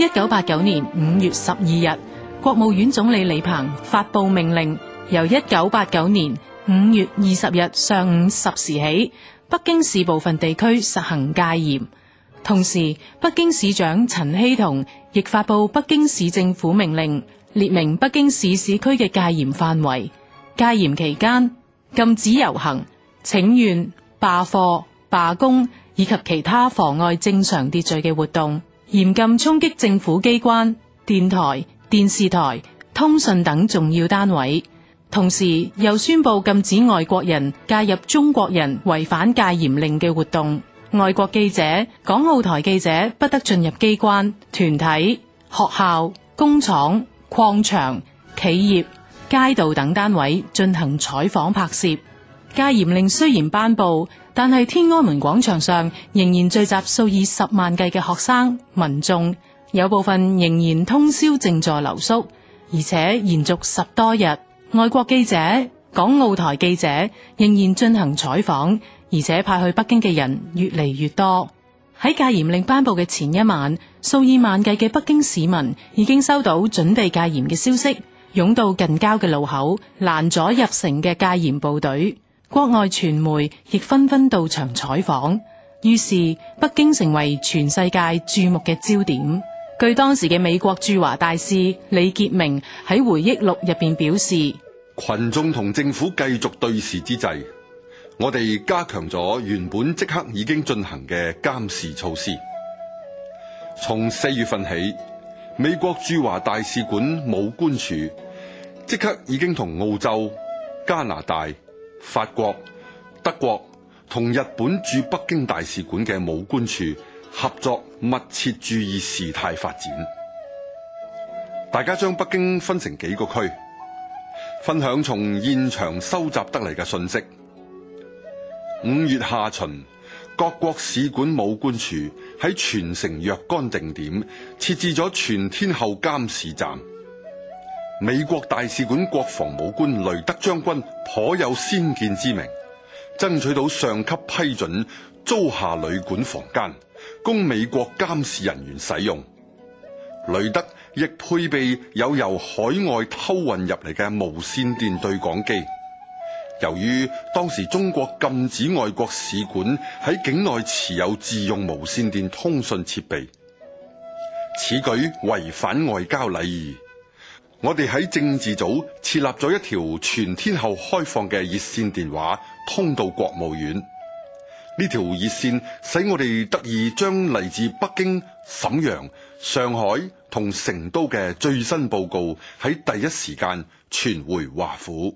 一九八九年五月十二日，國務院總理李鵬發布命令，由一九八九年五月二十日上午十時起，北京市部分地區實行戒嚴。同時，北京市長陳希同亦發布北京市政府命令，列明北京市市區嘅戒嚴範圍。戒嚴期間，禁止遊行、請願、罷課、罷工以及其他妨礙正常秩序嘅活動。嚴禁衝擊政府機關、電台、電視台、通訊等重要單位，同時又宣布禁止外國人介入中國人違反戒嚴令嘅活動。外國記者、港澳台記者不得進入機關、團體、學校、工廠、礦場、企業、街道等單位進行採訪拍攝。戒嚴令雖然頒布。但係天安門廣場上仍然聚集數以十萬計嘅學生民眾，有部分仍然通宵靜坐留宿，而且延續十多日。外國記者、港澳台記者仍然進行採訪，而且派去北京嘅人越嚟越多。喺戒嚴令頒布嘅前一晚，數以萬計嘅北京市民已經收到準備戒嚴嘅消息，湧到近郊嘅路口，攔咗入城嘅戒嚴部隊。國外傳媒亦紛紛到場採訪，於是北京成為全世界注目嘅焦點。據當時嘅美國駐華大使李潔明喺回憶錄入邊表示：群眾同政府繼續對峙之際，我哋加強咗原本即刻已經進行嘅監視措施。從四月份起，美國駐華大使館武官處即刻已經同澳洲、加拿大。法國、德國同日本駐北京大使館嘅武官處合作，密切注意事態發展。大家將北京分成幾個區，分享從現場收集得嚟嘅信息。五月下旬，各國使館武官處喺全城若干定點設置咗全天候監視站。美國大使館國防武官雷德將軍頗有先見之明，爭取到上級批准租下旅館房間，供美國監視人員使用。雷德亦配備有由海外偷運入嚟嘅無線電對講機。由於當時中國禁止外國使館喺境內持有自用無線電通訊設備，此舉違反外交禮儀。我哋喺政治組設立咗一條全天候開放嘅熱線電話，通到國務院。呢條熱線使我哋得以將嚟自北京、瀋陽、上海同成都嘅最新報告喺第一時間傳回華府。